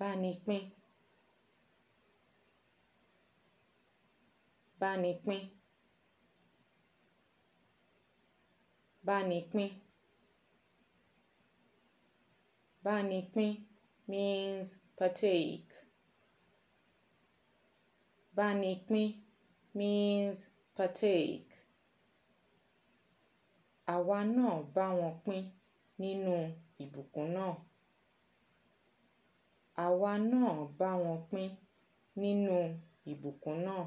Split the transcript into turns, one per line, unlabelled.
bá ni pín bá ni pín bá ni pín bá ni pín means partake bá ni pín means partake àwa náà bá wọn pín nínú ìbùkún náà àwa náà bá wọn pín nínú ìbùkún náà